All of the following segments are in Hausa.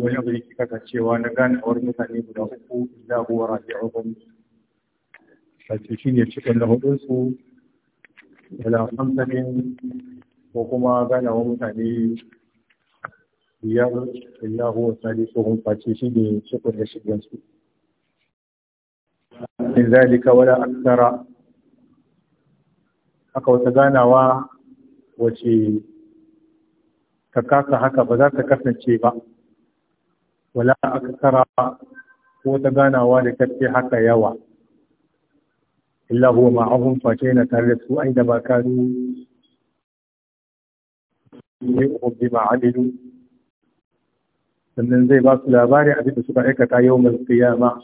wani abu yake kasancewa na ganawar mutane guda uku ila huwa rafi'uhum sace shi ne cikin na hudunsu ila hamsanin ko kuma ganawar mutane biyar ila huwa salisuhum face shi ne cikin da shigansu in zalika wala aksara haka wata ganawa wace ka kasa haka ba za ta kasance ba wala kara ko ta ganawa da tafi haka yawa illa huwa ma'ahum face na tare da su ai ba kanu ne ubi ma'adilu sannan zai ba su labari abin da suka aikata yau mai kiyama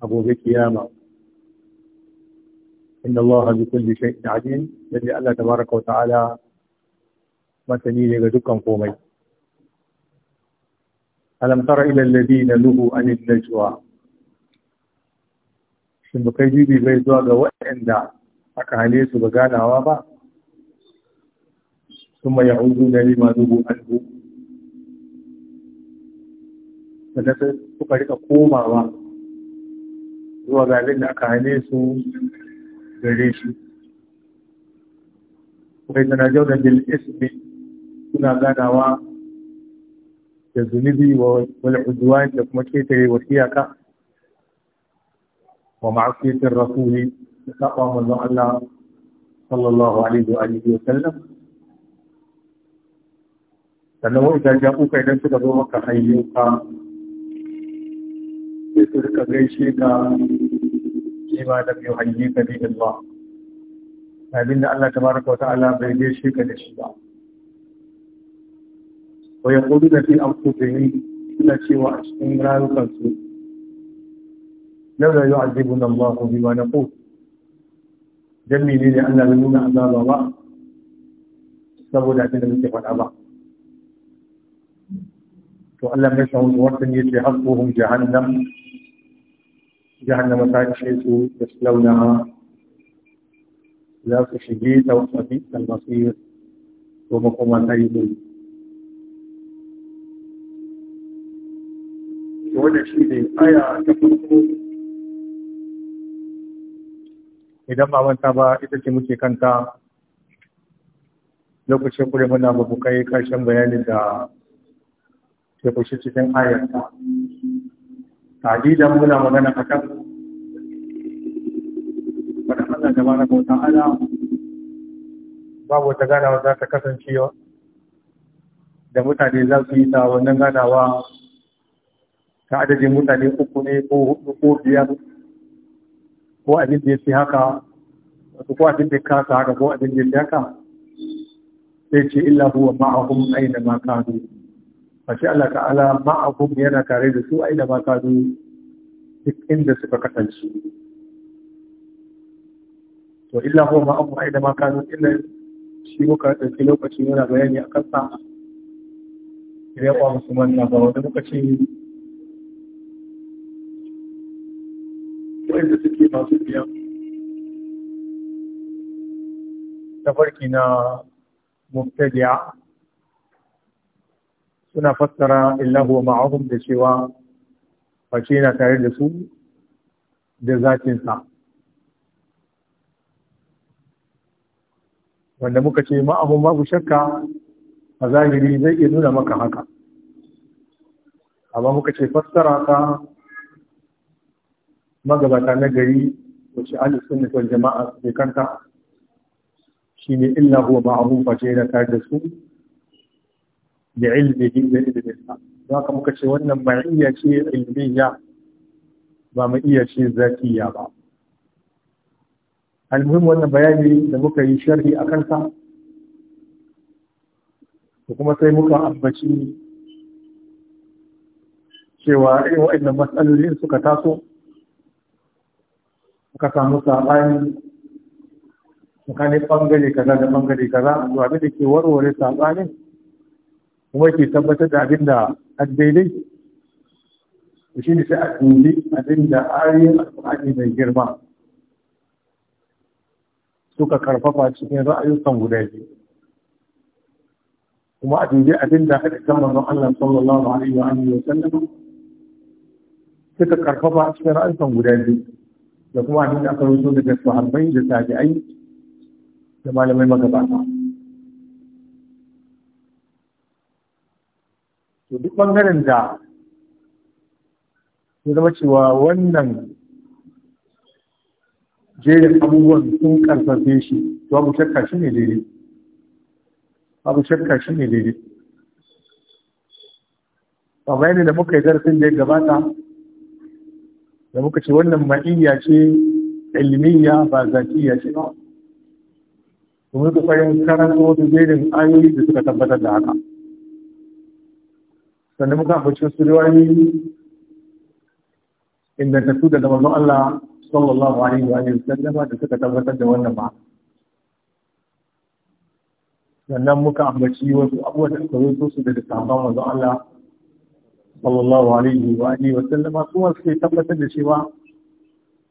a gobe kiyama inna Allah bi kulli shay'in alim lalle Allah tabaraka wa ta'ala masani ne ga dukkan komai alam tara ila alladhina nuhu anil najwa shin bakai bibi bai zuwa ga waɗanda aka hane su ga ganawa ba ya ثم يعودون لما نهوا عنه sannan sai suka rika komawa zuwa ga abin da aka hane su gare shi wai tana jaunar bil ismi suna ganawa da zunubi wa wani udwan da kuma ketare wa iyaka wa ma'asiyatir rasuli da saɓa manzon Allah sallallahu alaihi wa alihi wa sallam sannan wani idan ja kuka idan suka zo maka ka da su rika gaishe ka kima da biyu hayyuka bi Allah abinda Allah baraka wa ta'ala bai gaishe ka da shi ba ويقولون في أنفسهم إن سوى أشهم لا يخلصون لولا يعذبنا الله بما نقول جميل لأن لمن أمام الله سبب لأن لم يكن أمام وأن لم يشعروا بوقت يتحقهم جهنم جهنم حيث يسلونها لا تشهيت وصديق المصير ومقومات يدوم wanda shi ne aya ta farko idan ba manta ba ita ce muke kanta lokacin kure muna babu kai karshen bayanin da ke kushe cikin ayar ta tadidan muna magana a kan wadda Allah da mara bauta ala babu wata ganawa za ta kasancewa da mutane za su yi ta wannan ganawa ta adadin mutane uku ne ko hudu ko biyar ko abin da ya fi haka wasu ko abin da kasa haka ko abin da ya fi haka sai ce illa huwa ma'ahum aina ma kadu fashi Allah ta'ala ma'ahum yana tare da su aina ma kadu duk inda suka kasance to illa huwa ma'ahum aina ma kadu illa shi muka ɗauki lokaci yana bayani a kansa idan ya kwa musulman na ba wani lokaci masu biyan tafarki na mubtadi'a suna fassara illahu a da cewa face na tare da su da zafinsa wanda muka ce ma'ahum babu shakka a zahiri zai iya nuna maka haka amma muka ce fassara ka magabata na gari wacce ahli sunna kan jama'a suke kanta shine illa huwa ba fa ce da tare da su da ilmihi da ilminsa za ka muka ce wannan ba iya ce ya? ba mu iya ce ya ba almuhim wannan bayani da muka yi sharhi a kanta da kuma sai muka ambaci cewa irin waɗannan matsalolin suka taso ka samu saɓani tsakanin ɓangare kaza da ɓangare kaza to abin da ke warware saɓanin kuma ke tabbatar da abin da an daidai shi ne sai a dubi abin da alƙur'ani mai girma suka karfafa cikin ra'ayukan guda kuma a dubi abin da aka kan manzon Allah sallallahu alaihi wa wa sallam suka karfafa cikin ra'ayukan guda biyu da kuma abin da aka rubuto daga sahabbai da tabi'ai da malamai magabata to duk bangaren da ya zama cewa wannan jerin abubuwan sun karfafe shi to abu shakka shi ne daidai abu shakka shi ne daidai ba yadda da muka yi zarafin da ya gabata da muka ce wannan ma'iyya ce ilmiya ba zakiya ce ba muka kokarin karanto da zirin ayoyi da suka tabbatar da haka sannan muka ambaci inda ta su daga manzon Allah sallallahu alaihi wa sallama da suka tabbatar da wannan ba sannan muka ambaci wasu abubuwan da suka zo su daga sabon manzon Allah sallallahu alaihi wa alihi wa sallama su wasu ke tabbatar da cewa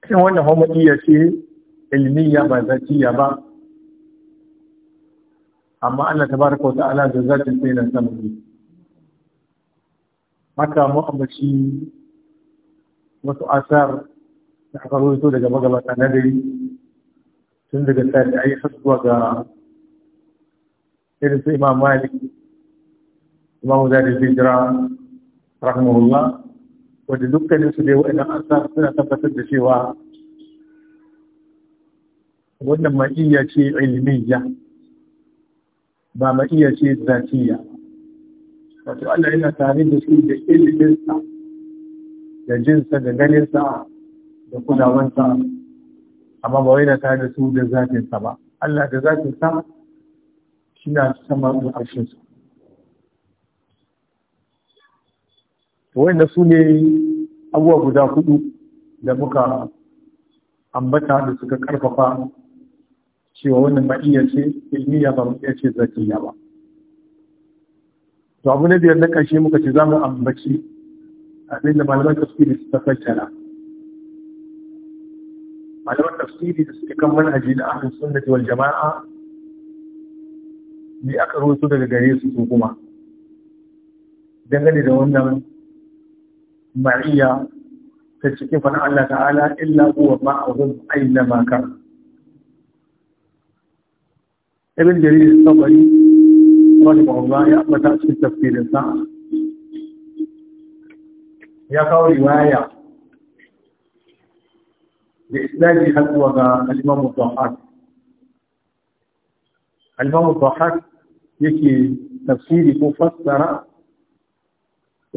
shin wannan homadiyya ce ilmiya ba zaciya ba amma Allah tabaraka wa ta'ala da zatin sai na sama ne haka mu ambaci wasu asar da aka rubuto daga magabata na dare tun daga sai ai hasuwa ga irin su imam malik imam zai hijira rahimahullah wadda dukkanin su dai wa'annan asar suna tabbatar da cewa wannan ma'iyya ce ilmiya ba ma'iyya ce zatiya wato Allah yana tare da su da iliminsa da jinsa da ganinsa da kulawansa amma ba wai tare da su da zatinsa ba Allah da zatinsa shi na sama da arshinsa wanda su ne abubuwa guda kudu da muka ambata da suka karfafa cewa wannan ba iya ce ilmiya ba mu iya ce zakiya ba to abu na biyar na ƙarshe muka ce za mu ambaci abin da malaman tafsiri suka fassara malaman tafsiri da suka kan manhaji na ahlus sunnati wal jama'a ne aka rusu daga gare su su kuma dangane da wannan معية تشكي فنع الله تعالى إلا هو معهم أينما كان ابن جرير الصبري رحمه الله يا في تفسير الساعة يا قول رواية لإسناد حسوة الإمام الضحاك الإمام الضحاك يكي تفسيري فسر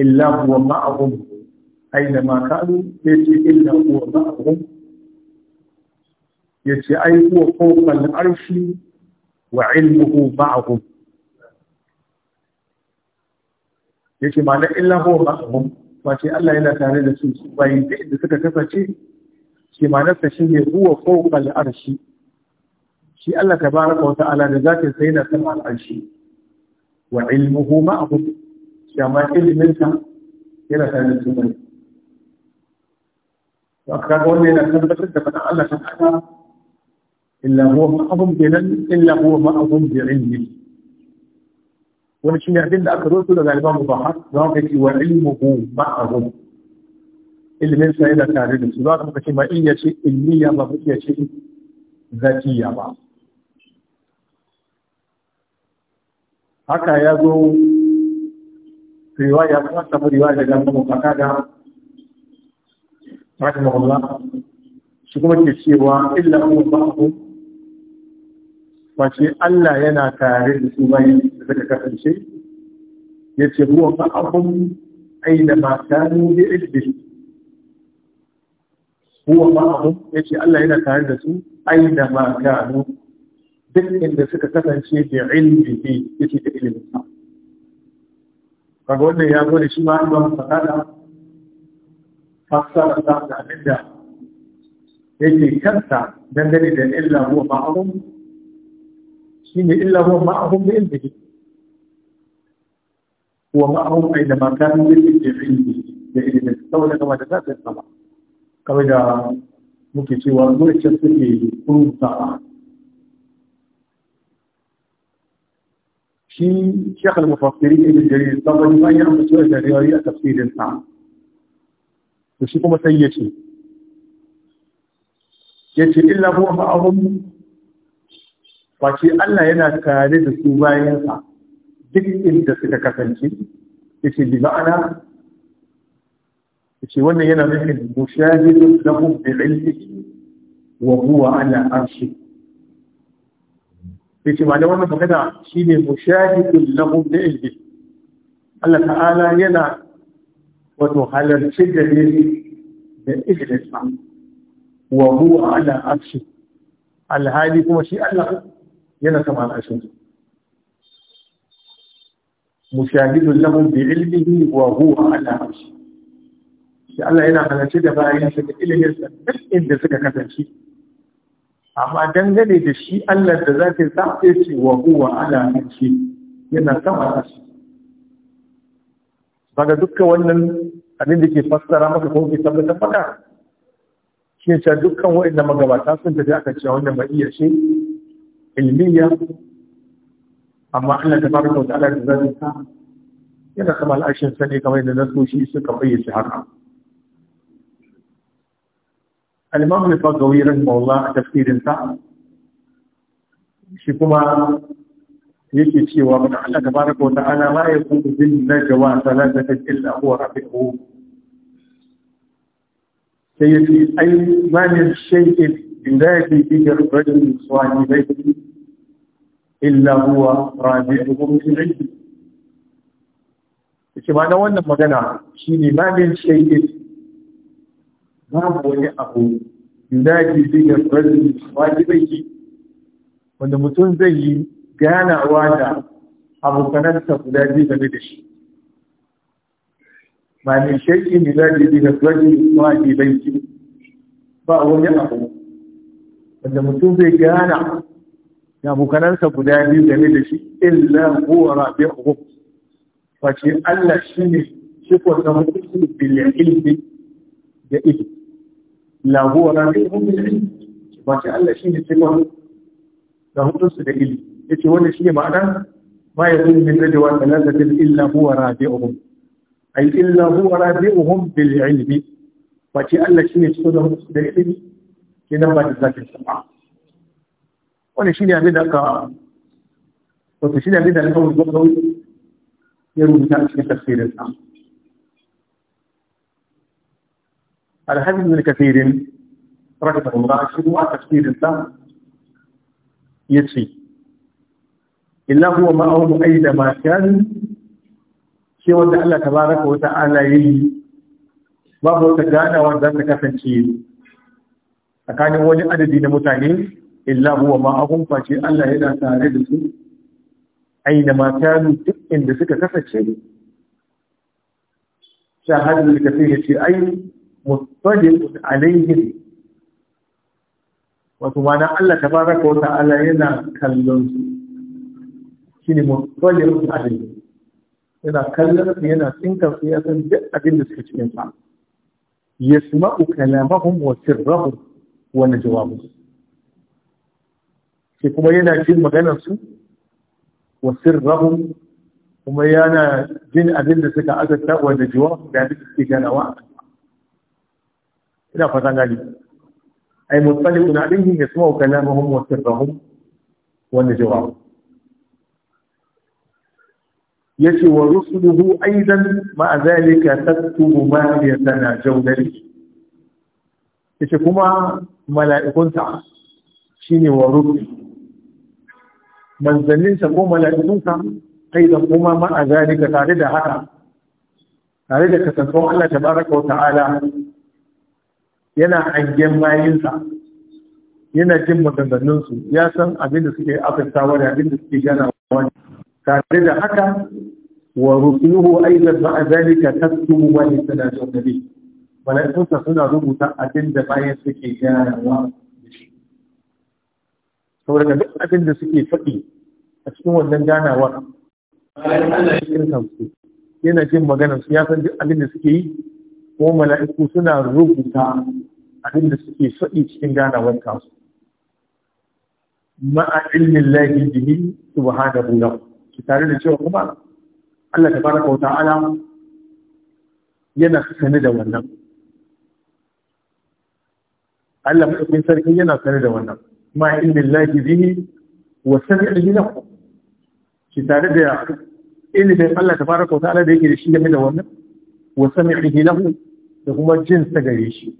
إلا هو معهم aina ma kalu ya ce illa huwa ma'ahum ya ce ai huwa fawqal arshi wa ilmuhu ma'ahum ya ce ma'ana illa huwa Ba ce Allah yana tare da su bayan da inda suka kasance shi ma'anarsa shi ne huwa fawqal arshi shi Allah ta tabaraka wa ta'ala da zatin sa yana sama al'arshi wa ilmuhu ma'ahum shi amma ilmin sa yana tare da su bayan wani na ne abin da aka zo su da galiba mu ba har za mu kai wa ilmu ku ba a zo ilimin sa yana tare da su za mu kace ma in ya ce ilmiya ba ku ce zakiya ba haka ya zo riwaya ta samu riwaya daga mu faka rahimahullah shi kuma ke cewa illa Allahu wace Allah yana tare da su bayan da suka kasance ya ce yace huwa ma'ahum aina ma kanu bi ilmi huwa ma'ahum yace Allah yana tare da su aina ma kanu duk inda suka kasance bi ilmi yace da ilmi kaga wannan ya zo da shi ma an ba mu fasada fassara za da abin da yake kanta dangane da illa huwa ma'ahum shine illa huwa ma'ahum bi ilmihi huwa ma'ahum aina ma kanu bi ilmihi da ilmi saboda kuma da za ta sama kawai da muke cewa zuciyar suke kunta shi shekul mufassirin ibn jarir sabon bayan mutuwar da riwayoyi a tafsirin sa to shi kuma sai ya ce ya ce illa kuma ma'ahum ba ce Allah yana tare da su bayansa duk inda suka kasance ya ce bi ma'ana ya ce wannan yana nufin mushahidun lahum bi ilmihi wa huwa ala arshi ya ce ba da wannan magana shine mushahidun lahum bi ilmihi Allah ta'ala yana wato halarci da ne da ikilinsa wa huwa ala arshi alhali kuma shi Allah yana sama al'ashin mushahidun lahum bi ilmihi wa huwa ala arshi shi Allah yana halarci da bayan shi da iliminsa duk inda suka kasance amma dangane da shi Allah da zaka sa sai wa huwa ala arshi yana sama al'ashin daga duka wannan abin da ke fassara maka ko ke tabbata faka shi ne cewa dukkan waɗanda magabata sun tafi aka cewa wannan ba iya ce ilmiya amma Allah ta baraka wa ta'ala da zai ta yana kama al'ashin sani ne kamar yadda nasoshi suka bayyace haka al-imam al-bagawi Maula a tafsirin shi kuma yake cewa mana Allah tabaraka wa ta'ala ma yakunu bin najwa salatatan illa huwa rafi'uhu sai ya ce ai ma ne shay'in inda yake bigar rajul sahibai illa huwa rabi'uhum min ilmi yace ma na wannan magana shine ma min shay'in babu wani abu inda yake bigar rajul sahibai wanda mutum zai yi ganawa da abokanansa guda biyu game da shi ba ne shakki ne za ji da gwaji kuma ne banki ba wani abu wanda mutum zai gana da abokanansa guda biyu game da shi illa huwa rabi'uhum wace Allah shi ne shi ko da mutum bil ilmi da ilmi la huwa rabi'uhum bil ilmi wace Allah ne shi ko da mutum da ilmi yace wannan shine ma'ana ma yakun min najwa thalathatin illa huwa rabi'uhum ay illa huwa rabi'uhum bil ilmi wace Allah shine cikin da da ilmi kenan ba da zakin sama wannan shine abin da aka wato shine abin da aka gudu ya rubuta cikin tafsirin sa الحديث من كثير رحمه الله شنو تفسير الله يكفي illa huwa ma'ahum aida ma kan shi wanda Allah tabaraka wa ta'ala yayi babu wata ganawa wanda ta kasance tsakanin wani adadi na mutane illa huwa ma'ahum ce Allah yana tare da su aina ma kanu duk inda suka kasance shahadu da kafin ya ce ai mustadiqun alaihim wato ma'ana Allah tabaraka wa ta'ala yana kallon su shi ne rufin abin yana kallon su yana tsinkar su ya san duk abin da suka cikin sa ya suma ukalamahum wasir rahu wani jawabu. shi kuma yana jin maganar su wa sirrahum kuma yana jin abin da suka azata wani jawabu da duk suke ganawa ina fata gani ai mutsalin abin ya suma ukalamahum wasir sirrahum wani jawabu. yake wa rusuluhu aidan ma zalika taktubu ma yatana dalil yake kuma mala'ikunta shine wa rusul sa ko mala'ikunta aidan kuma ma zalika tare da haka tare da kasantuwar Allah tabaraka wa ta'ala yana hangen bayinsa yana jin maganganunsu ya san abin da suke afirtawa da abin da suke ganawa wani. tare da haka wa rusuluhu aidan ma'a zalika taktubu wa lisanatu nabi malaikunsa suna rubuta abin da bayan suke gyarawa da shi duk abin da suke faɗi a cikin wannan ganawar yana jin magana su ya san duk abin da suke yi ko mala'iku suna rubuta abin da suke faɗi cikin ganawar tasu ma'a ilmin lahi bihi subhanahu lahu tare da cewa kuma Allah ta fara kauta ala yana sani da wannan Allah mutumin sarki yana sani da wannan ma ilmin lahi zini wa sani gina ku. shi tare da ilmin Allah ta fara kauta ala da yake da shi game da wannan wa sani gina ku da kuma jin sa gare shi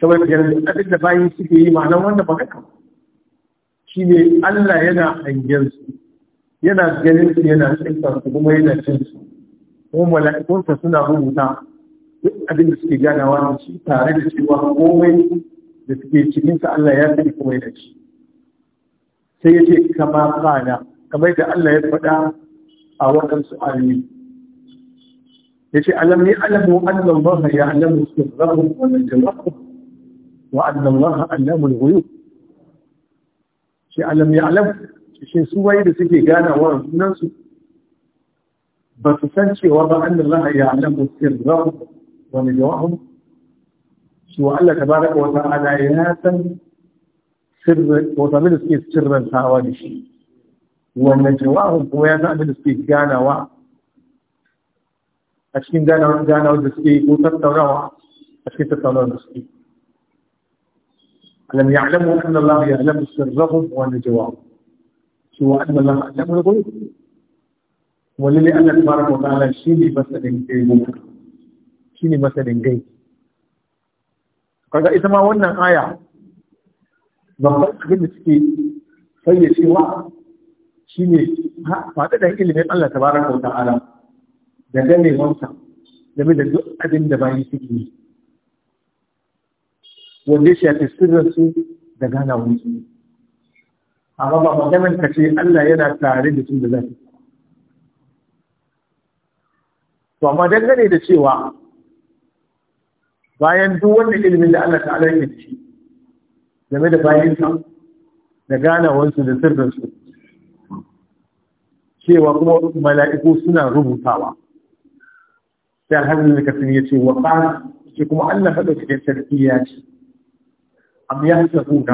saboda ganin abin da bayan suke yi ma'anar wannan haka. shi ne Allah yana hangen su yana ganin su yana cikin su kuma yana cin su kuma mala'ikunsa suna rubuta duk abin da suke ganawa da shi tare da cewa komai da suke cikin sa Allah ya sani kuma yana ci sai ya ce kama kana kamar da Allah ya faɗa a waɗansu ayoyi ya ce alam ne alamu annan maha ya alamu sirrahu wa najrahu wa annan maha alamu al-ghuyub shi alam ya Alam? shi su wai da suke gane wa su ba su san cewa ba an Allah ya alamu sirrahum wa najwahum shi su Allah tabaraka wa ta'ala ya san sirrin ko ta da suke sirran tawa da shi wa najwahum ko ya san abin da suke ganawa a cikin ganawa ganawa da suke ko tattaunawa a cikin tattaunawa da suke alam يعلموا أن الله يعلم sirrahum wa najwahum cewa an da za a can farko wani ne Allah tabaraka wa ta'ala shi ne masa dangai shi ne masa dangai kaga ita ma wannan aya babban abin da suke cewa shi ne faɗaɗan ilimin Allah tabaraka wa ta'ala da ganewansa game da duk abin da bayi suke yi wanda ya shafi sirrinsu da ganawansu amma ba maganar ka ce Allah yana tare da tun da zai to amma dangane da cewa bayan duk wanda ilimin da Allah ta'ala yake ci game da bayansa da ganawarsu da sirrinsu cewa kuma mala'iku suna rubutawa sai alhamdulillah da ya ce wa ƙara ce kuma Allah haɗa cikin sarki ya ce amma ya sabu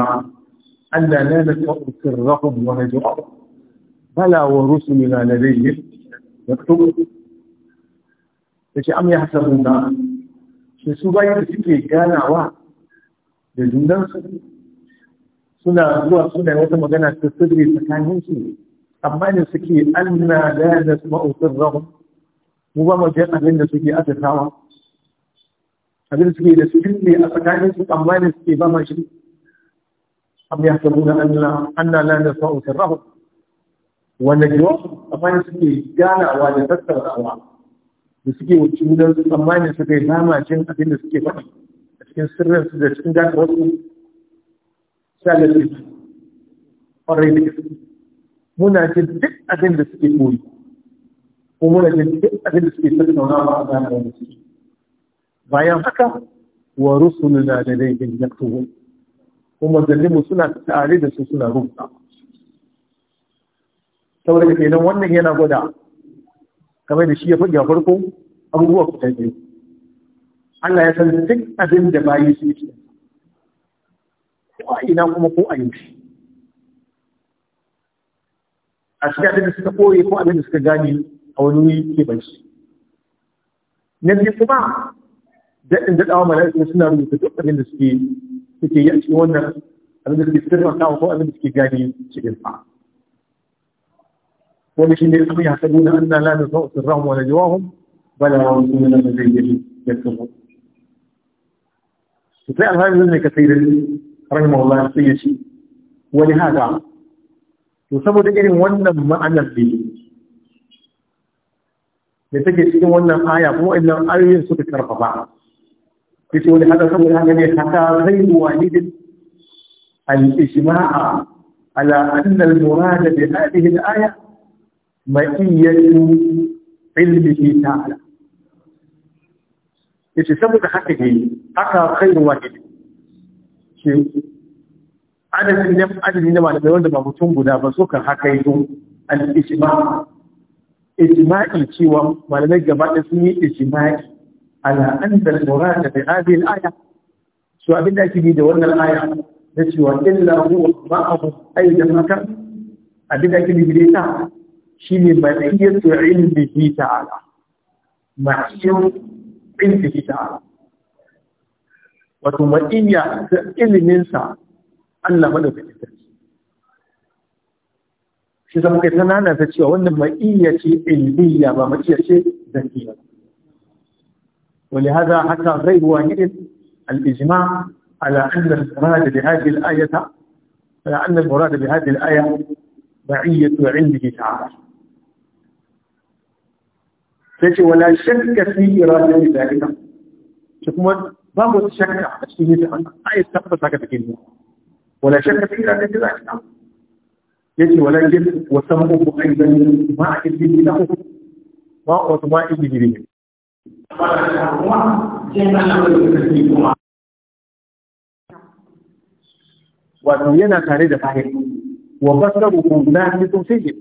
ألا لا نسمع سرهم ونجرهم بلى ورسلنا لديهم يكتبون yace am ya hasabun da shi su bayan da suke ganawa da junansu suna zuwa suna wata magana ta sirri tsakanin su amma ne suke anna la nasma'u mu ba mu jin abin suke asatawa abin suke da a suke ba ma shi am yahsabuna anna anna la nasau sirrahum wanda jawabu tsammani suke wa da tattaunawa da suke wuce wudan tsammani suka yi lamacin abin da suke faɗi a cikin sirrin su da cikin gane wasu shalafi ƙwarai da gaske muna jin duk abin da suke koyi ko muna jin duk abin da suke tattauna tattaunawa a gane wanda suke bayan haka wa rusuluna da laifin yaktubu kuma zannibu suna tare da su suna rubuta saboda kenan wannan yana gwada kamar da shi ya fage a farko abubuwa ku ta biyu Allah ya san duk abin da bayi su yi ko a ina kuma ko a yanzu a cikin abin da suka koye ko abin da suka gane a wani wuri ke bai shi. na biyu kuma daɗin daɗawa mala'ikun suna rubuta duk abin da suke suke yi a cikin wannan abin da suke ko abin da suke gani cikin wani shi ne su ya sabu na an nala da sau sirran wani jawahun bala wa wasu da zai yi ya tsoro su sai alhamdulillah ne ka sai da rahimahullah sai ya ce wani haka to saboda irin wannan ma'anar da yi da take cikin wannan aya kuma idan ayoyin suka karfafa yace wani haka saboda haka ne haka sai wahidin al-ijma'a ala anna al-murada bi hadhihi al-aya ma'iyatu ilmihi ta'ala yace saboda haka ne haka wa wahidin shi adadin da adadin da malamai wanda ba mutum guda ba kan haka yi al-ijma' ijma'i cewa malamai gaba da sun yi ijma'i على أن المراد بهذه الآية سواء بدنا تجيد ولا الآية نسوى إلا هو بعض أي مكان أبدا كده بديتا شيء معية علمه تعالى معية علمه تعالى وثم إن ta iliminsa Allah أن sarki. Shi zama kai tana na ta cewa wannan maƙiyya ce ilmiya ولهذا حتى غير واحد الإجماع على أن المراد بهذه الآية على أن المراد بهذه الآية بعية علمه تعالى تجي ولا شك في إرادة ذلك شكما بابو الشك في أي استقبل ذلك الكلمة ولا شك في إرادة ذلك يجي ولا يجب وسمعه أيضا مع كلمة له وأطمائه بذلك kuma jin Allah bai da kuma wato yana tare da fahim wa basaru ku na mutum fiye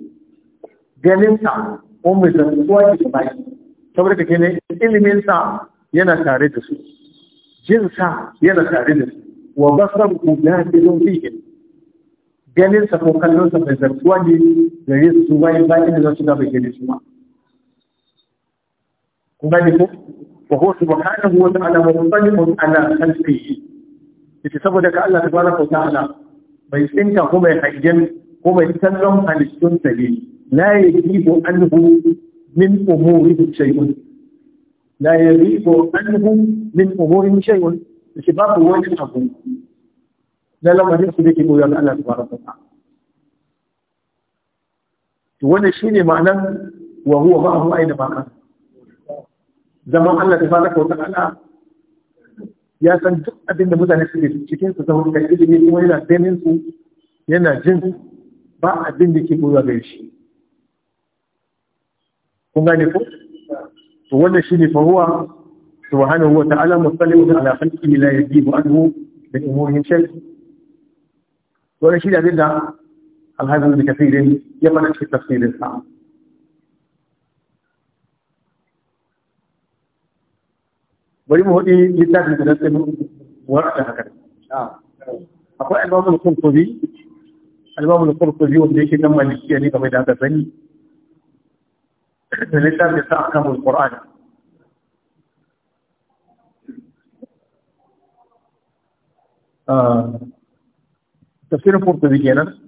ganin sa ko mai zantuwa ke bai saboda kake ne ilimin sa yana tare da su jin sa yana tare da su wa basaru ku na mutum fiye ganin sa ko kallon sa mai zantuwa ne yin su bai bai da su da bai gare su ba ذلك وهو سبحانه وتعالى مطلق على خلقه saboda ka Allah tabaraka ta'ala bai tsinka ko bai hajjan ko bai sallan halittun sa ne la yajibu anhu min umurihi shay'un la yajibu anhu min umurihi shay'un shi babu wani abu na lamarin su dake koyar da Allah tabaraka ta'ala to wannan shine ma'anar wa huwa ma'ahu aina ma kana zaman Allah ta fara kautar Allah ya san duk abin da mutane suke cikin su saboda kan ilimi kuma yana ganin su yana jin ba abin da ke ɓura gare shi kun gane ko to wannan shi ne faruwa subhanahu wa ta'ala musallihun ala khalqihi la yajibu anhu da umurin shay wannan shi da abin da alhazan da kafirin ya fara cikin tafsirin sa bari mu hudi littafin da nasu warta haka akwai albabul kurkuzi albabul kurkuzi wanda yake nan malikiya ne kamar da aka sani da littafin sa akamul qur'ani tafsirin kurkuzi kenan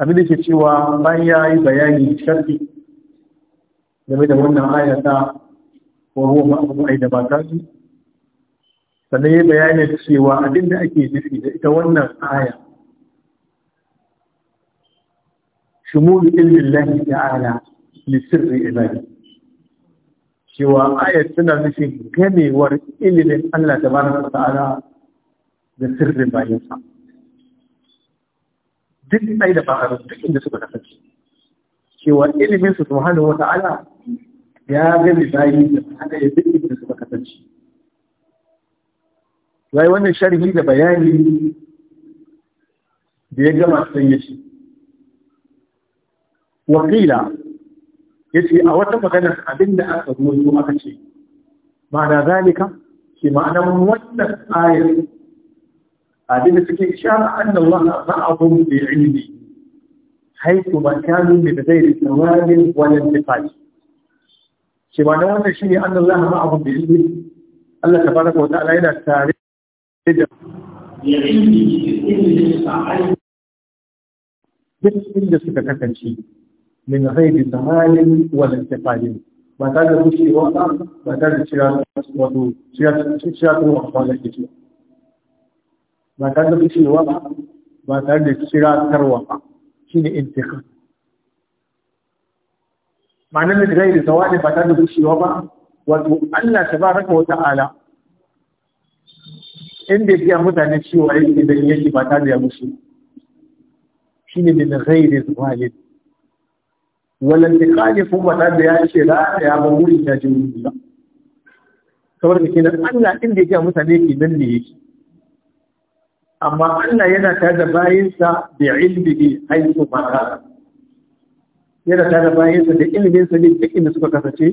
abin da ke cewa bayan ya yi bayani sharfi game da wannan ayata ko ruwa ma'abu ai da ba ta su sannan ya bayanin cewa abin da ake nufi da ita wannan aya shumulu ilmin lahi ala lissirri ibadi cewa ayat suna nufin ganewar ilimin Allah da baraka ta'ala da sirrin bayansa duk ɗai da bakarar duk inda suka kasance cewa ilimin su subhanahu wa ta'ala ya gani bayi da hada ya duk inda suka kasance yayi wannan sharhi da bayani da ya gama sun yi shi wakila yace a wata magana abinda aka rubuto aka ce ma'ana zalika shi ma'anan wannan ayat abinda suke ishara annallaha ma'ahum bi ilmi haitu ma kanu bi ghairi tawalin wala intifaj shi ma'anan wannan shine annallaha ma'ahum bi ilmi Allah tabaraka wa ta'ala yana tare duk inda suka kasance min ghaibi zamalin wal intifalin ba ta da rushewa ba ba ta da cira wato cira ko wanda ke ba ta da rushewa ba ba ta da cira tarwa ba shi ne shine intiqam ma'anar da ghaibi zawali ba ta da rushewa ba wato Allah ta ba tabaraka wata ala. inda ya mutane cewa yake da yake ba ta da musu shine da ghairi da wala tiqali kuma ta da ya ce da ya ba muri ta ji mun ba saboda kenan Allah inda ya mutane ke nan ne yake amma Allah yana ta da bayinsa bi ilmihi haythu ma yana ta da sa da ilmin sa ne duk inda suka kasance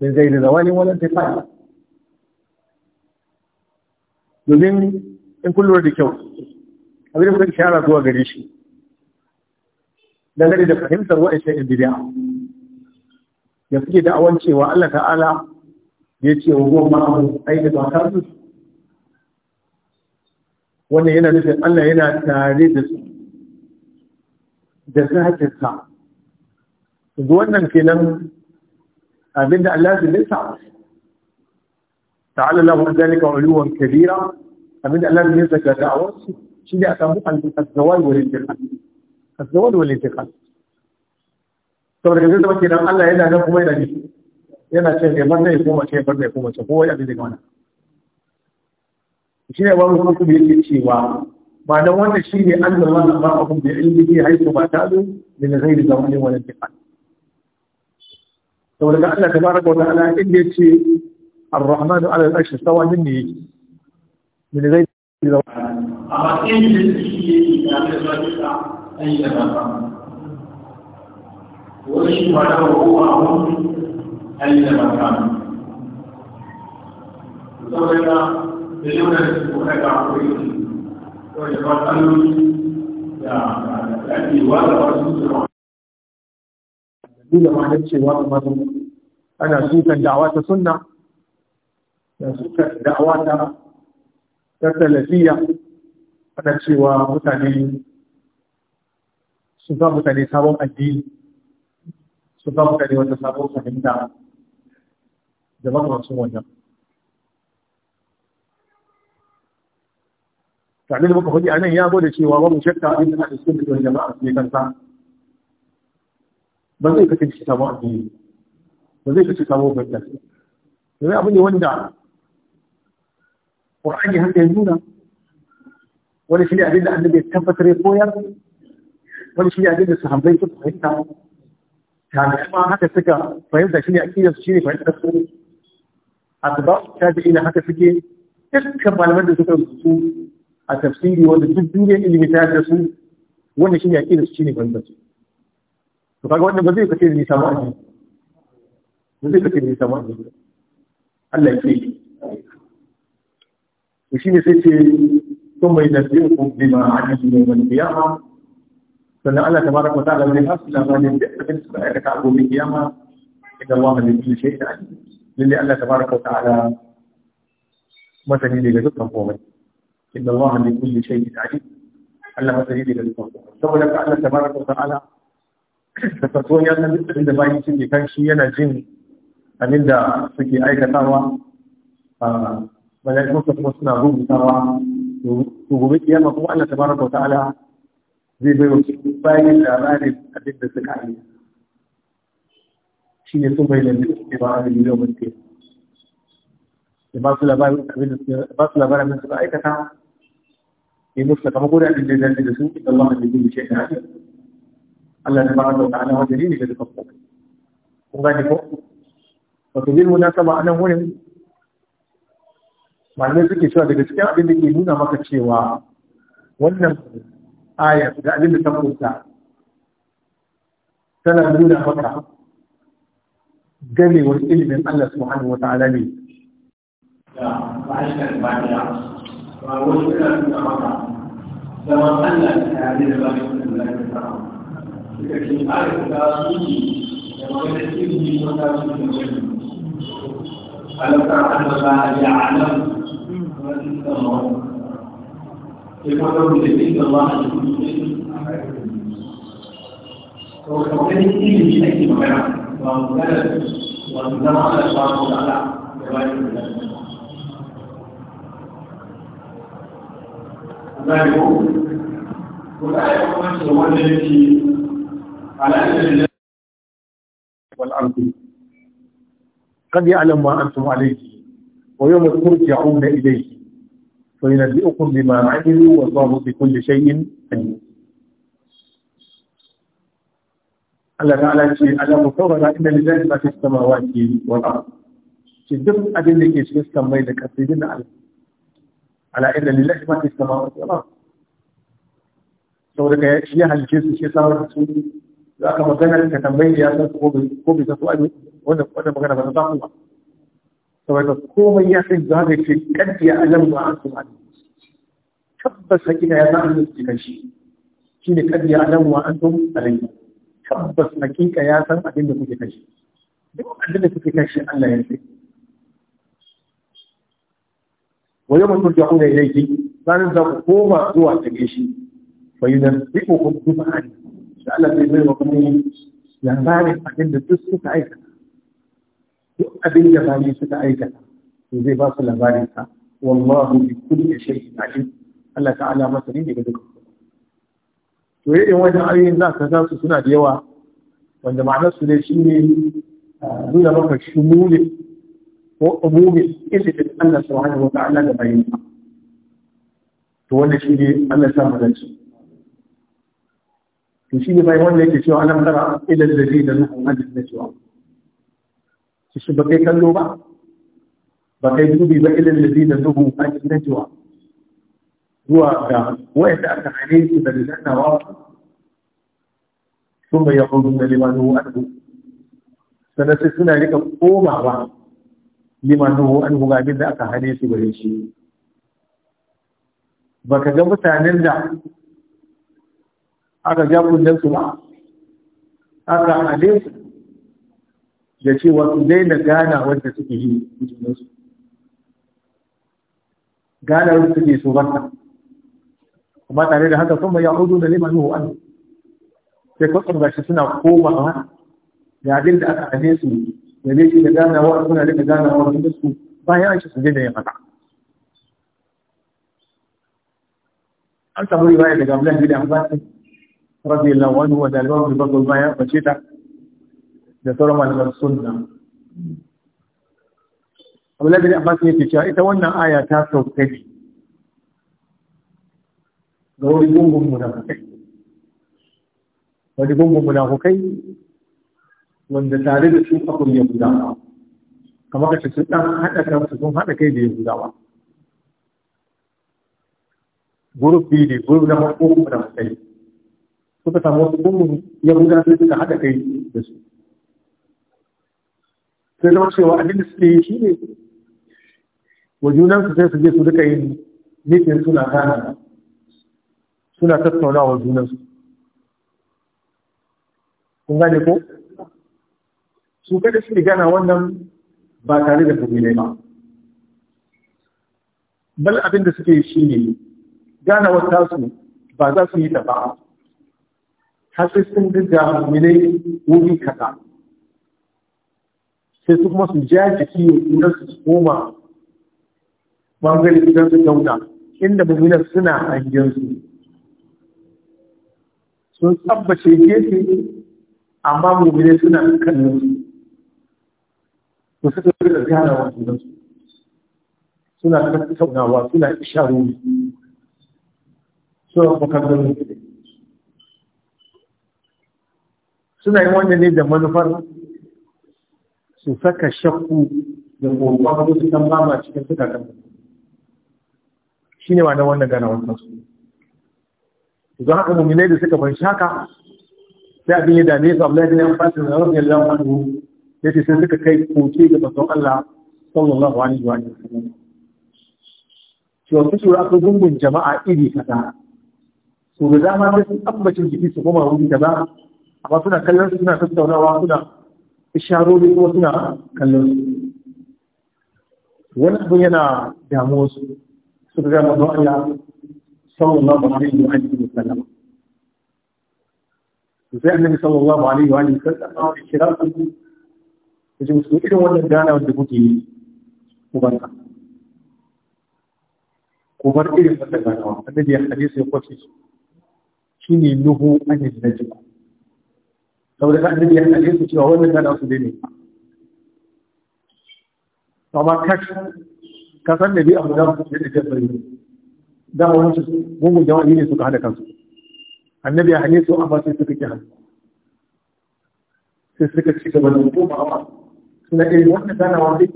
da zai da wani wala tiqali domin in kullum da kyau abin da kuka shara zuwa gare shi gari da fahimtar wa'ancan in bidiya da suke da'awan cewa Allah ta'ala ya ce wa goma abu aiki da ta su wannan yana nufin Allah yana tare da su da zatinsa. Duk wannan kenan abinda Allah zai nisa ta'ala lahu dalika uluwan kabira abin da Allah ya saka da'awar su shi ne a samu al-zawal wal intiqal al-zawal wal intiqal saboda ga zama kenan Allah yana nan kuma yana ji yana ce ne bar zai koma ce bar zai koma ce ko ya bi wannan shi ne ba mu kuma kuma yake cewa ba dan wannan shi ne an da wannan ba abun da yake yi ne ko ba ta zo min ghairi wani wal intiqal saboda ga Allah tabaraka wa ta'ala inda yace الرحمن على الأجل سواء مني يجي من غير أما كيف يجب أن يكون هناك أي مكان؟ وإيش مدعوه أهو أي مكان؟ وإذا كان يجب أن يكون هناك أي مكان؟ وإذا كان يجب أن يكون هناك أي مكان؟ أنا سيكون دعوات السنة da suka da'awa ta ta talafiya ana cewa mutane sun ba mutane sabon addini sun ba mutane wata sabon fahimta da makamancin wannan tare da muka faɗi a nan ya gode cewa mu shakka abin da ake cikin da jama'a ne kansa ba zai kasance sabon addini ba zai kasance sabon fahimta domin abin ne wanda ƙur'ani har yanzu nuna wani shi ne abin da annabi ya tabbatar ya koyar wani shi ne abin da sahabbai suka fahimta tabi'i ma haka suka fahimta shi ne aƙidar su shi ne fahimtar su atba tabi'i ina haka suke dukkan malaman da suka rubutu a tafsiri wanda duk duniyar ilimi ta yarda su wannan shi ne aƙidar su shi ne fahimtar su to kaga wannan ba zai kace ni samu aji ba zai kace ni samu aji Allah ya ce shi ne sai ce sun mai nasiru bima amilu yawmal kiyama sannan Allah ta tabaraka wa ta'ala zai hasu labarin da abin da ya raka gobe kiyama idan Allah bai yi shi da ake lalle Allah ta tabaraka wa ta'ala masani daga dukkan komai inna Allah bi kulli shay'in alim Allah masani daga dukkan komai saboda ka Allah ta tabaraka wa ala da farko ya san duk da bayan cikin kan shi yana jin abin da suke aikatawa ah, malaikun su kuma suna rubutawa to gobe kiyama kuma Allah tabaraka wa ta'ala zai bai wa bayan labarin abin da suka yi shi ne sun bayyana da suke ba da miliyan mutum da ba su labarin abin da suka aikata yi musu kama gudu abin da zai da sun ita Allah da gudu shi da haka Allah tabaraka wa ta'ala wajen ne da duka kuma kun gane ko wato bin munasaba anan wurin malamai suke cewa daga cikin abin da ke nuna maka cewa wannan ayar da abin da ta tana nuna maka wani ilimin Allah subhanahu wa ta'ala ne da ba wani zaman Allah yi da yi da ta da الله يقولون لبيك الله عز وجل وكان كثير من شيء مكان وانزل وانزل على الله تعالى ذلك ولا يقوم هو الذي على أجل والأرض قد يعلم ما أنتم عليه ويوم ترجعون إليه وينبئكم بما عملوا والله بكل شيء عليم الله تعالى شيء على مصورة إن لله ما في السماوات والأرض شيء دم أدل كيف شيء السماء لك أفيدنا على على إن لله ما في السماوات والأرض سورك شيء هل جزء شيء صار رسول لا كما كان يا سيد قبل قبل تسؤال وانا وانا مغنى فتطاق الله saboda komai ya san za ka ce kadda ya alam ba an kuma tabbas hakika ya san an cikin shi shine kadda ya alam wa an tum alai tabbas hakika ya san abin da kuke kashi duk abin da kuke kashi Allah ya san wa yawma turja'una ilayhi sanin za ku koma zuwa gare shi fa yunabbi'ukum bima an Allah zai bai wa kuma labarin abin da duk suka aikata duk abin da bayi suka aikata to zai ba su labarin sa wallahu bi kulli shay'in alim Allah ta'ala masa ne daga duk to yayin wannan ayoyin za ka su suna da yawa wanda ma'anar su ne shine nuna maka shumule ko umumi ilimin Allah subhanahu wa ta'ala da bayin sa to wannan shine Allah ya sa dace to shine bai wanda yake cewa alam tara ila alladhina nuhu an najwa shi ba kai kallo ba ba kai dubi ba ilin da zina zuhu a cikin jiwa zuwa ga wayanda aka hane su da zannawa sun bai yahudu da limanu anhu sannan sai suna rika komawa limanu anhu ga abin da aka hane su gare shi ba ka ga mutanen da aka ja kundin su ba aka hane su Da cewa su daina gana wanda suke yi mutunansu gana wanda suke so barka kuma tare da haka kuma ya hudu da liman nuhu an sai kwakwam gashi suna komawa da abin da aka aje su da ne shi da ganawa suna rika ganawa wanda su bayan an ci su daina yin haka an samu riwaya daga Abdullahi bin Abbas radiyallahu anhu wa da al-Imam Ibn ta. da sauran malaman sunna Abdullahi bin Abbas yake cewa ita wannan aya ta sauka ne ga wani gungun kai wani gungun kai, wanda tare da su guda ba kamar ka ce su ɗan haɗa su sun haɗa kai da ba guruf biyu ne guruf na farko munafukai suka samu wasu gungun guda sai suka haɗa kai da su sai zama cewa abin da suke yi shi ne wa su sai su je su duka yin mitin suna kana suna tattaunawa junansu kun gane ko su kada su gana wannan ba tare da kabilai ba bal abin da suke yi shi ne wata su ba za su yi ta ba har sai sun dinga mulai wuri kaza sai su kuma su ja jiki ya tsira su koma bangare gidan su tauna inda mummunan suna hangen su sun tabbace gefe amma mummunan suna kallon su su suka da gana wa su suna tattaunawa suna isharori suna makargaro suna yi wannan ne da manufar su saka shakku da gobe su ba ma cikin suka kan ne wannan wannan gana wannan su zo haka mu'minai da suka fanshi haka sai abin ya dame su Abdullahi bin Abbas radiyallahu Ya ce sai suka kai koke ga manzon Allah sallallahu alaihi wa sallam to su shura ka gungun jama'a iri kaza su da dama sai sun ambace jiki su kuma wuri kaza amma suna kallon suna tattaunawa suna isharori kuma suna kallon su wani abin yana damuwa su su ga mazan Allah sallallahu alaihi wa alihi wa sallam sai annabi sallallahu alaihi wa alihi wa sallam ya kira su ya ce musu irin wannan gana wanda kuke yi ku barka ku bar irin wannan gana wanda ya hadisi ya kwace su shine nuhu anil najm saboda ka annabi ya kaje su cewa wannan kana su ne amma kash ka san da bi abu da su da ne. da wani su gungun jawani ne suka haɗa kansu annabi ya hane su amma sai suka ki hannu sai suka ci gaba da hukuma amma suna irin wannan kana wanda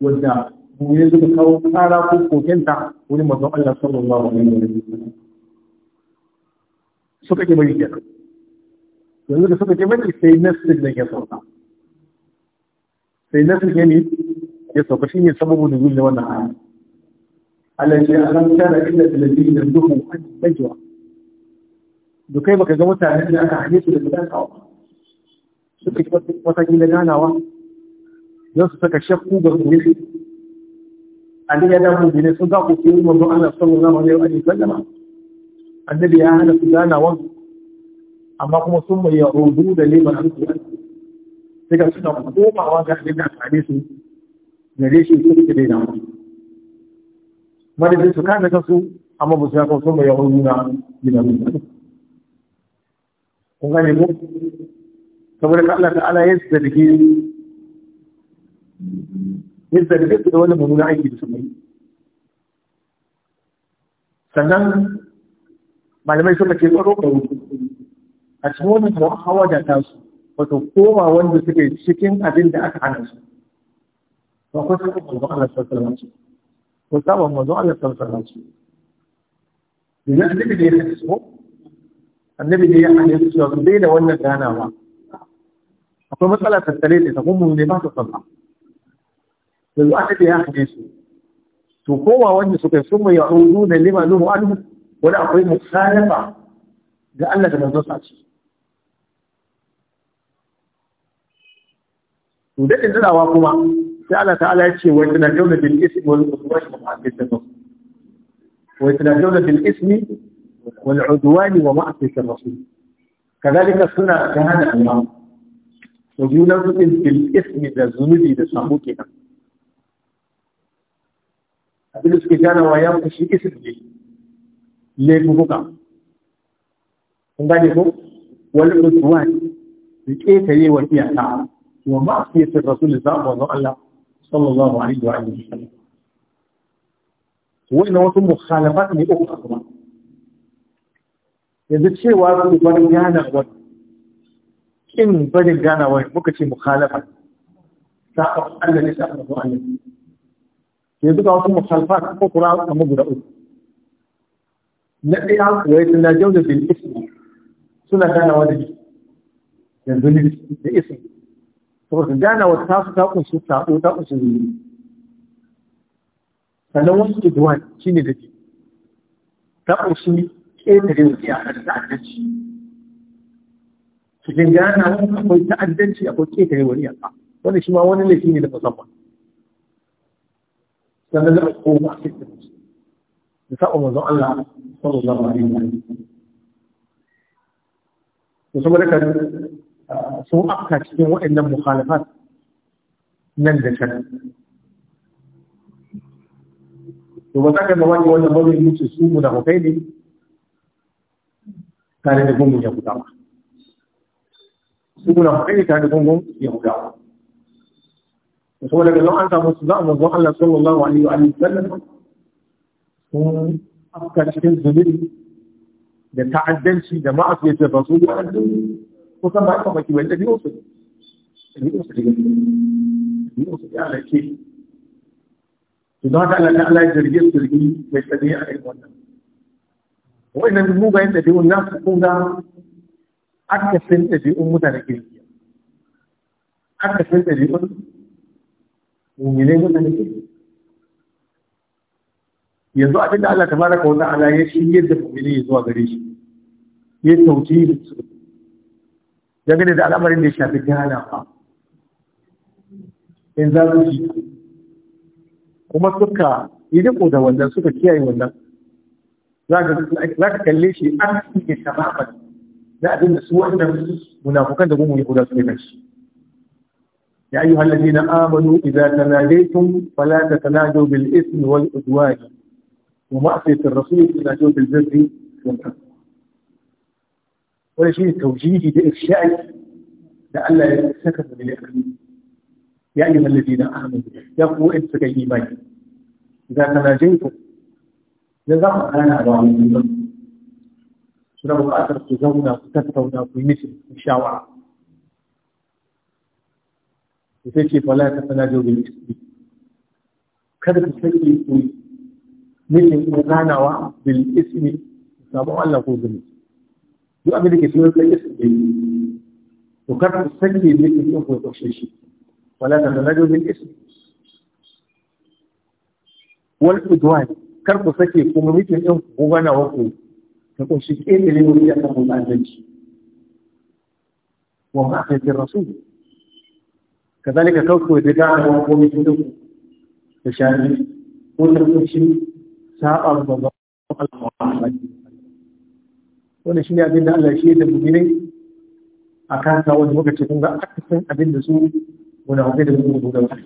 wanda mu ne suka kawo tsara ko kokenta wani manzon Allah sallallahu alaihi wa sallam suka ke bari kenan yanzu da suka jami'ar sai nasir da ya sauka sai nasir ya ne ya sauka shi ne sababu da zuwa wannan aya Allah ya alam kana illa alladhina duhu an najwa dukai baka ga mutanen da aka hane da gidan kawo suka yi wata gina ganawa don su saka shakku ga ne ku yi ya su amma kuma sun mai yahudu da liman alkuwa sai ga suna komawa ga abin da amfani su gare shi su suke daina mu madadin su kan daga su amma ba su yakan sun mai yahudu na liman alkuwa kun gane mu saboda ka Allah ta'ala ya zargi ya zargi su da wani mummuna aiki da su mai sannan malamai suka ce tsaro ka wuce a cikin wannan tawa hawa da ta su wato koma wanda suke cikin abin da aka hana su To akwai ko sai manzo Allah sallallahu alaihi ko sabon manzo Allah sallallahu alaihi idan annabi da ya so annabi da ya hana su su daina wannan ganawa akwai matsala tattare da ta kuma ne ba ta sabba yanzu annabi ya hana su to kowa wanda suka sun mai ya'udu da lima nuhu anhu wani akwai musalafa ga Allah da manzon sa ce to daɗin daɗawa kuma sai Allah ta'ala ya ce wai tana jauna bil ismi wal udwani wa ma'asiyati rasul wai tana jauna bil ismi wal udwani wa ma'asiyati rasul kazalika suna da hana Allah to junan su din bil ismi da zunubi da samu kenan abin da suke gane wa ya fushi ismi ne laifuka kun gane ko wal udwani da ƙetare wa iyaka ومعصية الرسول الزعب الله صلى الله عليه وسلم وعلى الله وإن وطن مخالفات من أخرى يعني الشيء واضح بني جانا وطن إن بني جانا وطن مكتش مخالفة تأخذ أن ليس أخرى وعلى الله يعني وطن مخالفات من أخرى وطن مقرى نبيع ويتنا جودة بالإسم سنة جانا وطن يعني الإسم wasu gana wata tasu ta kunshi sabo ta kunshi zuri sannan wasu idwan shi ne da dafi ta kunshi ƙetare wuce a kan ta'addanci cikin gana wani akwai ta'addanci akwai ƙetare wani yamma Wani shi ma wani laifi ne da musamman sannan za a koma a cikin da sa'o manzon Allah sallallahu alaihi wa sallam. Musamman da kan سوقتها كثير وإلا مخالفات نندسة وبتاك الموالي وإلا موالي يموت السوم ونغو فيني كان يقوم من يهو دعوة سوم ونغو فيني كان يقوم من يهو دعوة وقال لو أنت مصدام وقال الله صلى الله عليه وآله وسلم أفكار شكل زمري لتعدل شيء لما أصيب الرسول وعلى kusan ba a mamaki wani ɗabi'un ɗari ɗabi'un Ɗari ɗabi'un ɗabi'un su ɗabi'un su ɗabi'un su don haka Allah Allah ya jirge su jirgi mai tsadiya a irin wannan wa'annan mugayen ɗabi'un na su kunga akasin ɗabi'un mutane kirki akasin ɗabi'un mummunai mutane kirki yanzu abin da Allah ta tabaraka wa ta'ala ya shi yadda mu'mini zuwa gare shi ya tauci su dangane da al'amarin da ya shafi ba in za su ji kuma suka yi riko da wannan suka kiyaye wannan za ka kalle shi an suke sababar na abin da su wannan munafukan da gungun yahuda suke kan shi ya ayyuha ta amanu idza tanadaytum fala tatanadu bil ismi wal udwan wa ma'siyati ar-rasul tanadu bil birri wal taqwa ولا شيء توجيهي بإرشائي لألا يتسكت من الإقليم يا أيها الذين آمنوا يقوا إن تكيمين إذا تناجيتم لذلك أنا أدعو من الله شنو قاتل تزونا وتفتونا في مثل الشوارع وتجي فلا تتناجوا بالإسلام كذا تسكت مثل مغانا بالإسم سبحان الله duk abin da ke cikin kai su ke to kar ku sake ne ku ko ku kashe shi wala ta tanajo min ism wal udwan kar ku sake kuma mutum ɗin ku gana wa ku ta kunshi ƙetare wuri a kan mutanenci wa ma a yakin rasul kazalika kawai da gana wa ku mutum ku? da shari'a ko ta kunshi sa'a babban al'amari wanda shi ne abin da Allah shi ya tafi ne a ta wani lokaci kun ga akasin abin da su wani hafi da su gudu su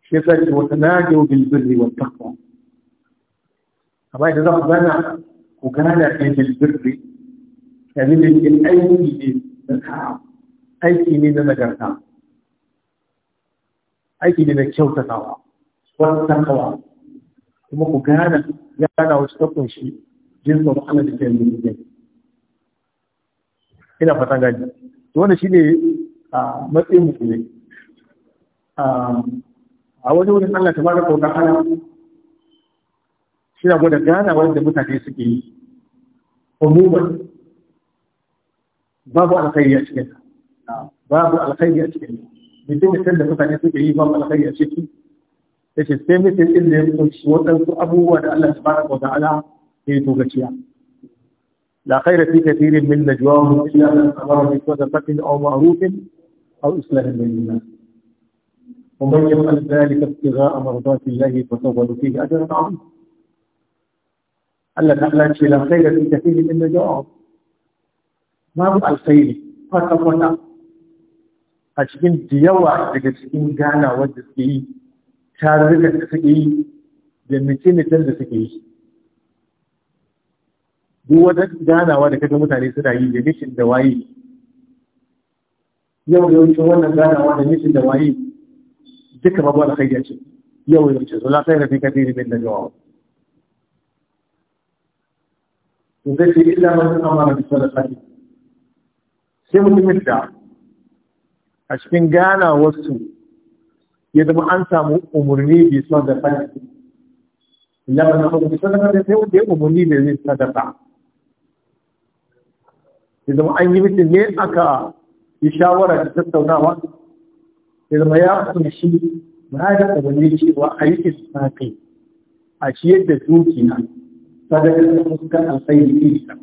shi ya ce wata najo bilbirri birri wa taqwa amma idan za ku gana ku gana da bil birri abin da ke aiki ne na aiki ne na nagarta aiki ne na kyautatawa wata takawa kuma ku gana gana wasu ta shi jinsin ana da ke ina fatan gaji to shi ne a matsayin musulmi a wajen wurin Allah ta baraka wa ta'ala shi na gwada gana wanda mutane suke yi umuman babu alkhairi a cikin babu alkhairi a cikin mutum da da mutane suke yi babu alkhairi a ciki yace sai mutum din da ya kunshi waɗansu abubuwa da Allah ta baraka wa ta'ala لا خير في كثير من نجواهم إلا أمرهم بصدقة أو معروف أو إصلاح من الناس. ومن يفعل ذلك ابتغاء مرضات الله فتفضل فيه اجرا عظيما. ألا تعلم لا خير في كثير من نجواهم ما هو الخير فتفضل أجل ديوة تجسكين جانا ودسكي شارك تسكي جمتين تنزسكي duk wata ganawa da kaga mutane suna yi da nishin da waye yau yawancin wannan ganawa da nishin da waye duka babu alkhairi ce yau yawancin su la da fi kathirin bin da in zai ce illa man amara da sadaqati sai mutumin da a cikin ganawarsu ya zama an samu umarni bai son da fadi illa man amara bi da sai wanda ya umarni bai zai sadaka ya zama an yi mutum ne aka yi shawara da tattaunawa ya zama ya kunshi ba da ne cewa a yi sa-kai a shi ciyar da dukiya sadakar da fuskar alfairi isa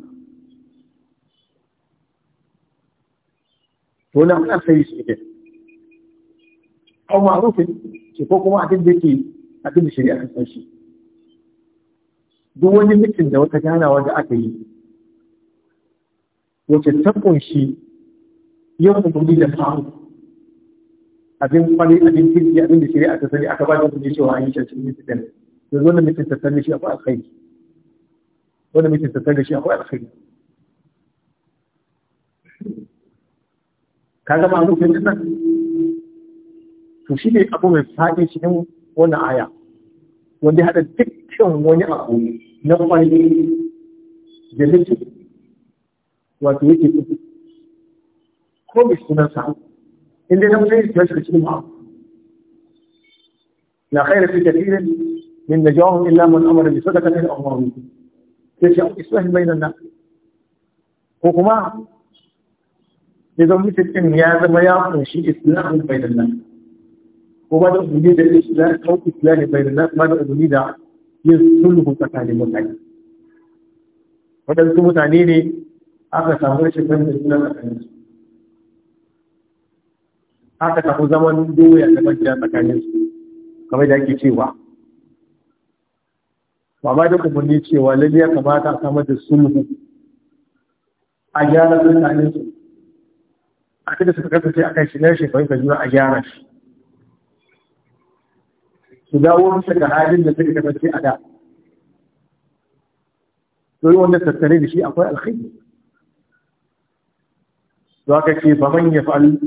wannan sai shi ne au rufin ce ko kuma abin da ke abin da shari'a kan shi duk wani mutum da wata ganawa da aka yi wace ta yau da umarni da faru abin kwanai abin kirki abin da shari'a ta sani aka ba da kuɗi cewa an yi shi cikin mutum da zo na mutum tattalin shi akwai alkhairi wanda mutum tattalin shi akwai alkhairi ka gama abokin nan to shi ne abu mai faɗi cikin wannan aya wanda ya haɗa dukkan wani abu na kwanai da mutum wato yake kudu ko mai sunansa in dai namiji ne ya shiga cikin ma'a na khairu fi kathirin min jawon illa man amara bi sadaqatin aw ma'ruf sai ce islahi bainan nan ko kuma ya zama mutum ya zama ya kunshi islahi bainan nan ko ba da ubuni da islahi kawo islahi bainan nan ba da ubuni da yin sulhu tsakanin mutane waɗansu mutane ne aka samu shi fahimta juna tsakanin su aka samu zaman doya da majiya tsakanin su kamar da ake cewa ba ma da umarni cewa lalle ya kamata a samar da sulhu a gyara tsakanin su a kada suka kasance a kan shigar shi fahimta juna a gyara shi su dawo musu ga halin da suka kasance a da. Sai wanda tattare da shi akwai alkhairi. za ka ce ba man yaf'al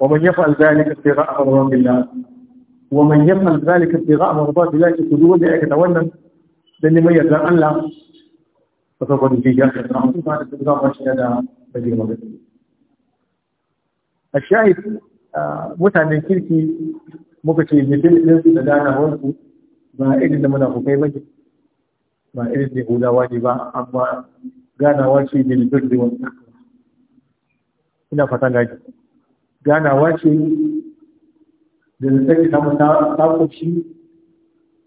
wa man yaf'al zalika ibtigha'a mardatillah wa man yaf'al zalika ibtigha'a mardatillah ki kudu wanda aikata wannan dan neman yardan Allah fa sawfa nutiya ta rahmatu ba da za mu shi da bajin magana a shahid mutanen kirki muka ce mutum ɗinsu da ganawarsu ba irin da muna munafukai ba mace ba irin da ya hudawa ne ba amma ganawa ce da libir wani ina fatan gaji ganawa ce da zai samu ta kunshi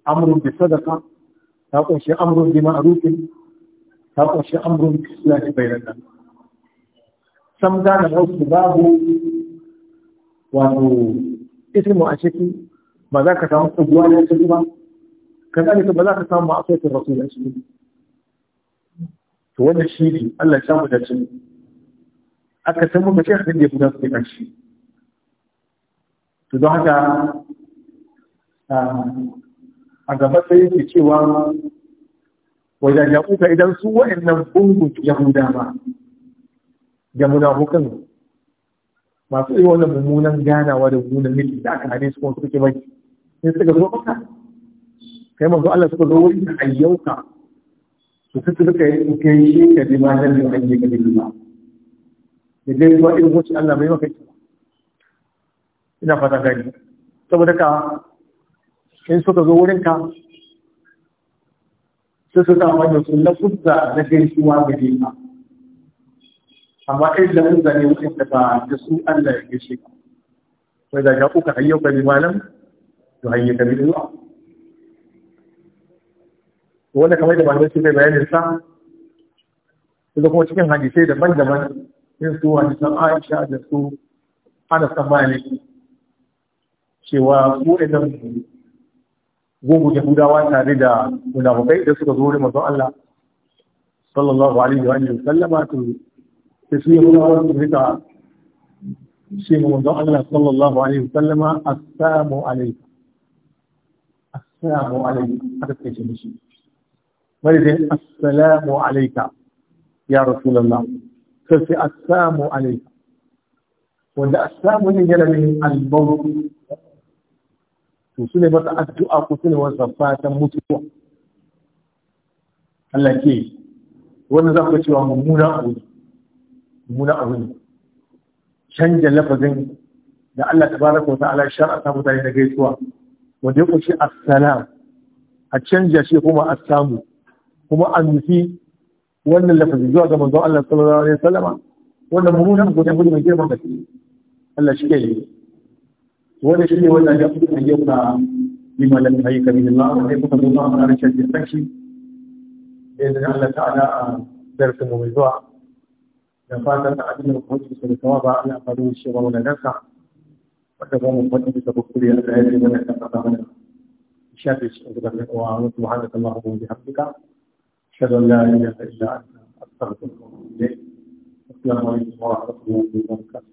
amurin da sadaka ta kunshi amurin da ma'arufi ta kunshi amurin da suna shi bai nan sam gane su babu wato ismu a ciki ba za ka samu tsaguwa da ciki ba kazalika ba za ka samu ma'asotin rasul a ciki to wannan shi ne Allah ya samu da ciki aka san muka ce abin da ya fi nasu da shi to don haka a gaba sai yake cewa wajen yaƙuka idan su wa'annan gungun ba. Jamuna hukun masu yi wani mummunan ganawa da mummunan miki da aka hane su kuma suke bai sai suka zo maka kai manzo Allah suka zo wurin ayyauka su suka yi kai shi ka ji ma nan da ake ka ji ba da zuwa irin wacce Allah mai maka ita ina fata gani saboda ka in suka zo wurin ka sai su samu da sun lafuzza na gaisuwa ga ka amma kai da mun zane wurin da ba da su Allah ya gaishe ka wai da ga uka hayyuka bi malam to hayyuka bi du'a wanda kamar da su suka bayanin sa da kuma cikin hadisai daban-daban sai su hadisan Aisha da su Anas bin Malik cewa su idan gogo Yahudawa tare da munafukai da suka zo wurin manzon Allah sallallahu alaihi wa sallama to sai su Yahudawa su rika shi ne manzon Allah sallallahu alaihi wa sallama assalamu alaikum assalamu alaikum haka sai shi mishi wani dai assalamu alaika ya rasulullah sai sai assamu alaikum wanda assamu ne yana ne albaru to sune masa addu'a ko sune ne fatan mutuwa Allah ke wanda za ku cewa mummuna abu ne mummuna abu ne canja lafazin da Allah tabaraka wa ta'ala shar'a mutane da gaisuwa wanda ya kunshi assalam a canja shi kuma assamu kuma an nufi wannan lafazi zuwa ga manzon Allah sallallahu alaihi wasallama wannan mummunan godiya gudi يقول girman gaske Allah shi ke yi wanda shi ne wannan ya fi ayyuka لما لم يهيك به الله أن الله على شد الفشي بإذن الله تعالى درس موضوع نفاتا تعديل الخروج بالثواب على قانون الشر والنفع وتقوم القدم بتبكل الآيات ونحن قطعنا الشافي سبحانك اللهم وبحمدك أشهد أن لا إله إلا أنت أستغفرك وأتوب إليك السلام عليكم ورحمة الله وبركاته